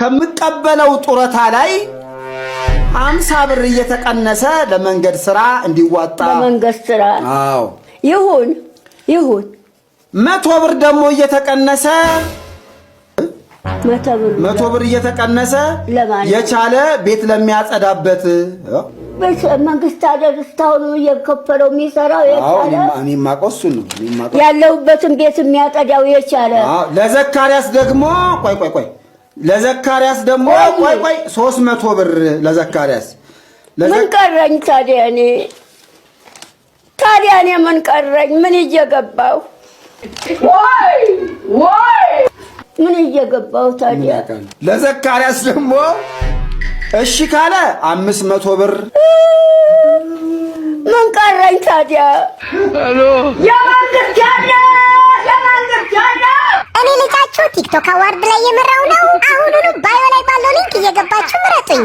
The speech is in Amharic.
ከምቀበለው ጡረታ ላይ አምሳ ብር እየተቀነሰ ለመንገድ ስራ እንዲዋጣ ለመንገድ ስራ አዎ፣ ይሁን ይሁን። መቶ ብር ደግሞ እየተቀነሰ መቶ ብር እየተቀነሰ የቻለ ቤት ለሚያጸዳበት መንግስት አይደል እስካሁን እየከፈለው የሚሰራው የቻለ ያለሁበትን ቤት የሚያጸዳው የቻለ ለዘካሪያስ ደግሞ ቆይ ቆይ ቆይ ለዘካርያስ ደግሞ ቆይ ቆይ 300 ብር ለዘካርያስ ምን ቀረኝ ታዲያ? እኔ ታዲያ እኔ ምን ቀረኝ? ምን እየገባው ወይ ወይ ምን እየገባው ታዲያ? ለዘካርያስ ደግሞ እሺ ካለ 500 ብር ምን ቀረኝ ታዲያ? ያ ቲክቶክ አዋርድ ላይ የመራው ነው። አሁኑኑ ባዮ ላይ ባለው ሊንክ እየገባችሁ ምረጡኝ።